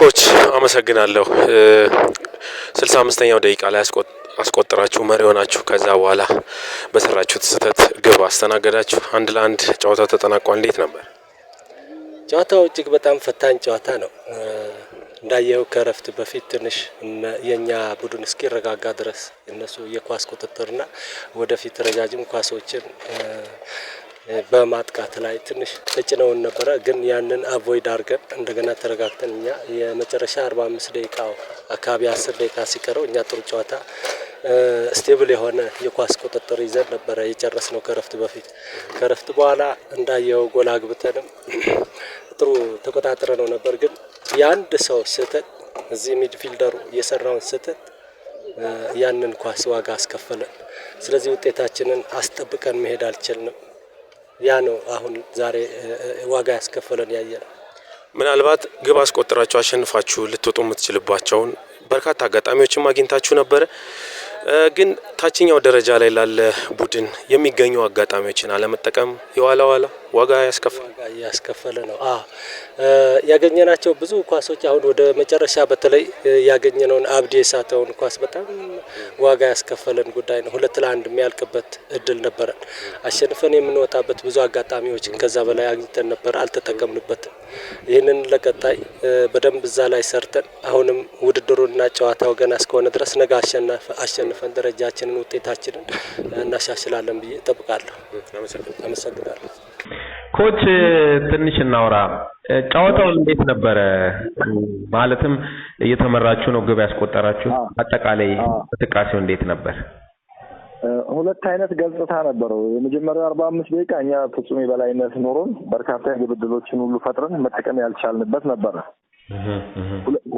ኮች አመሰግናለሁ። ስልሳ አምስተኛው ደቂቃ ላይ አስቆጥራችሁ መሪ ሆናችሁ፣ ከዛ በኋላ በሰራችሁት ስህተት ግብ አስተናገዳችሁ። አንድ ለአንድ ጨዋታው ተጠናቋል። እንዴት ነበር ጨዋታው? እጅግ በጣም ፈታኝ ጨዋታ ነው። እንዳየው ከረፍት በፊት ትንሽ የእኛ ቡድን እስኪረጋጋ ድረስ እነሱ የኳስ ቁጥጥርና ወደፊት ረጃጅም ኳሶችን በማጥቃት ላይ ትንሽ ተጭነውን ነበረ። ግን ያንን አቮይድ አድርገን እንደገና ተረጋግተን እኛ የመጨረሻ 45 ደቂቃ አካባቢ 10 ደቂቃ ሲቀረው እኛ ጥሩ ጨዋታ ስቴብል የሆነ የኳስ ቁጥጥር ይዘን ነበረ ነው ከረፍት በፊት። ከረፍት በኋላ እንዳየው ጎል አግብተንም ጥሩ ተቆጣጥረ ነው ነበር። ግን የአንድ ሰው ስህተት እዚህ ሚድፊልደሩ የሰራውን ስህተት ያንን ኳስ ዋጋ አስከፈለን። ስለዚህ ውጤታችንን አስጠብቀን መሄድ አልችልንም። ያ ነው አሁን ዛሬ ዋጋ ያስከፈለን ያየ ነው። ምናልባት ግብ አስቆጥራችሁ አሸንፋችሁ ልትወጡ የምትችልባቸውን በርካታ አጋጣሚዎችም አግኝታችሁ ነበረ። ግን ታችኛው ደረጃ ላይ ላለ ቡድን የሚገኙ አጋጣሚዎችን አለመጠቀም የዋላ ዋላ ዋጋ ያስከፈለ ነው። ያገኘናቸው ብዙ ኳሶች አሁን ወደ መጨረሻ በተለይ ያገኘነውን አብዲ የሳተውን ኳስ በጣም ዋጋ ያስከፈለን ጉዳይ ነው። ሁለት ለአንድ የሚያልቅበት እድል ነበረን። አሸንፈን የምንወጣበት ብዙ አጋጣሚዎችን ከዛ በላይ አግኝተን ነበር፣ አልተጠቀምንበትም። ይህንን ለቀጣይ በደንብ እዛ ላይ ሰርተን አሁንም ውድድሩንና ጨዋታው ገና እስከሆነ ድረስ ነገ አሸንፈን ደረጃችንን ውጤታችንን እናሻሽላለን ብዬ እጠብቃለሁ። አመሰግናለሁ። ኮች ትንሽ እናውራ። ጨዋታው እንዴት ነበረ? ማለትም እየተመራችሁ ነው ግብ ያስቆጠራችሁ፣ አጠቃላይ እንቅስቃሴው እንዴት ነበር? ሁለት አይነት ገጽታ ነበረው። የመጀመሪያው አርባ አምስት ደቂቃ እኛ ፍጹም የበላይነት ኖሮን በርካታ የግብ ዕድሎችን ሁሉ ፈጥረን መጠቀም ያልቻልንበት ነበረ።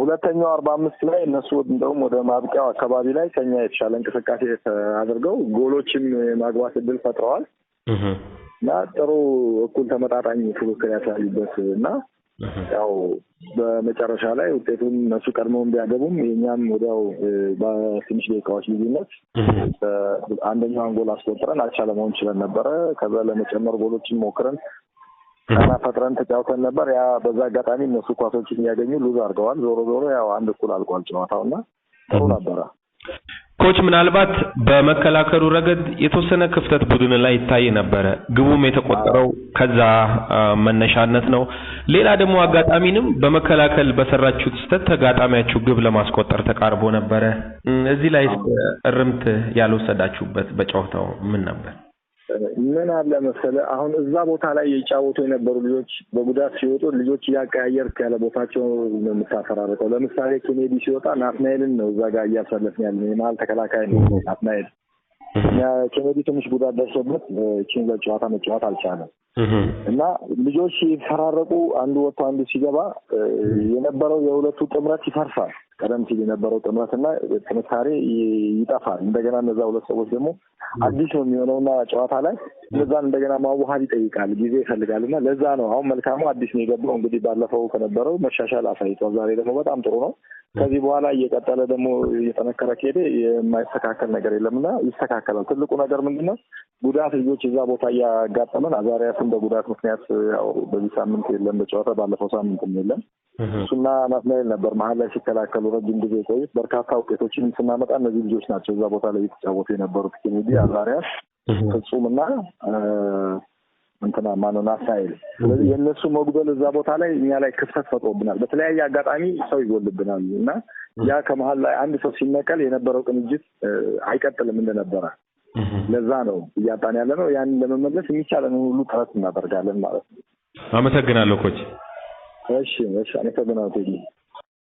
ሁለተኛው አርባ አምስት ላይ እነሱ እንደውም ወደ ማብቂያው አካባቢ ላይ ከኛ የተሻለ እንቅስቃሴ አድርገው ጎሎችም የማግባት እድል ፈጥረዋል። እና ጥሩ እኩል ተመጣጣኝ ፉክክር ያሳዩበት እና ያው በመጨረሻ ላይ ውጤቱን እነሱ ቀድመውን ቢያገቡም የኛም ወዲያው በትንሽ ደቂቃዎች ልዩነት አንደኛውን ጎል አስቆጥረን አቻ ለመሆን ችለን ነበረ። ከዛ ለመጨመር ጎሎችን ሞክረን ቀና ፈጥረን ተጫውተን ነበር። ያ በዛ አጋጣሚ እነሱ ኳሶችን እያገኙ ሉዝ አድርገዋል። ዞሮ ዞሮ ያው አንድ እኩል አልቋል ጨዋታው እና ጥሩ ነበረ። ኮች ምናልባት በመከላከሉ ረገድ የተወሰነ ክፍተት ቡድን ላይ ይታይ ነበረ። ግቡም የተቆጠረው ከዛ መነሻነት ነው። ሌላ ደግሞ አጋጣሚንም በመከላከል በሰራችሁት ስህተት ተጋጣሚያችሁ ግብ ለማስቆጠር ተቃርቦ ነበረ። እዚህ ላይ እርምት ያልወሰዳችሁበት በጨዋታው ምን ነበር? ምን አለ መሰለ አሁን እዛ ቦታ ላይ የጫወቱ የነበሩ ልጆች በጉዳት ሲወጡ ልጆች እያቀያየርክ ያለ ቦታቸው ነው የምታፈራርቀው። ለምሳሌ ኬኔዲ ሲወጣ ናትናኤልን ነው እዛ ጋር እያሳለፍን ያለ የመሀል ተከላካይ ነው ናትናኤል። ኬኔዲ ትንሽ ጉዳት ደርሶበት ቺን ለጨዋታ መጫወት አልቻለም እና ልጆች ሲፈራረቁ አንዱ ወጥቶ አንዱ ሲገባ የነበረው የሁለቱ ጥምረት ይፈርሳል። ቀደም ሲል የነበረው ጥምረትና ጥንካሬ ይጠፋል። እንደገና እነዛ ሁለት ሰዎች ደግሞ አዲስ ነው የሚሆነውና ጨዋታ ላይ እነዛን እንደገና ማዋሃድ ይጠይቃል፣ ጊዜ ይፈልጋል። እና ለዛ ነው አሁን መልካሙ አዲስ ነው የገባው። እንግዲህ ባለፈው ከነበረው መሻሻል አሳይቷል። ዛሬ ደግሞ በጣም ጥሩ ነው። ከዚህ በኋላ እየቀጠለ ደግሞ እየጠነከረ ከሄደ የማይስተካከል ነገር የለምና ይስተካከላል። ትልቁ ነገር ምንድን ነው? ጉዳት ልጆች እዛ ቦታ እያጋጠመን አዛሪያስን በጉዳት ምክንያት ያው በዚህ ሳምንት የለም በጨዋታ ባለፈው ሳምንት የለም እሱና ናትናኤል ነበር መሀል ላይ ሲከላከሉ ረጅም ጊዜ የቆዩት። በርካታ ውጤቶችን ስናመጣ እነዚህ ልጆች ናቸው እዛ ቦታ ላይ የተጫወቱ የነበሩት። ኬኔዲ አዛሪያስ፣ ፍጹም እና እንትና ማነው ናትናኤል። ስለዚህ የእነሱ መጉደል እዛ ቦታ ላይ እኛ ላይ ክፍተት ፈጥሮብናል። በተለያየ አጋጣሚ ሰው ይጎልብናል እና ያ ከመሀል ላይ አንድ ሰው ሲነቀል የነበረው ቅንጅት አይቀጥልም እንደነበረ ለዛ ነው እያጣን ያለ ነው። ያንን ለመመለስ የሚቻለን ሁሉ ጥረት እናደርጋለን ማለት ነው። አመሰግናለሁ ኮች rashin wasu an taɓa na kudi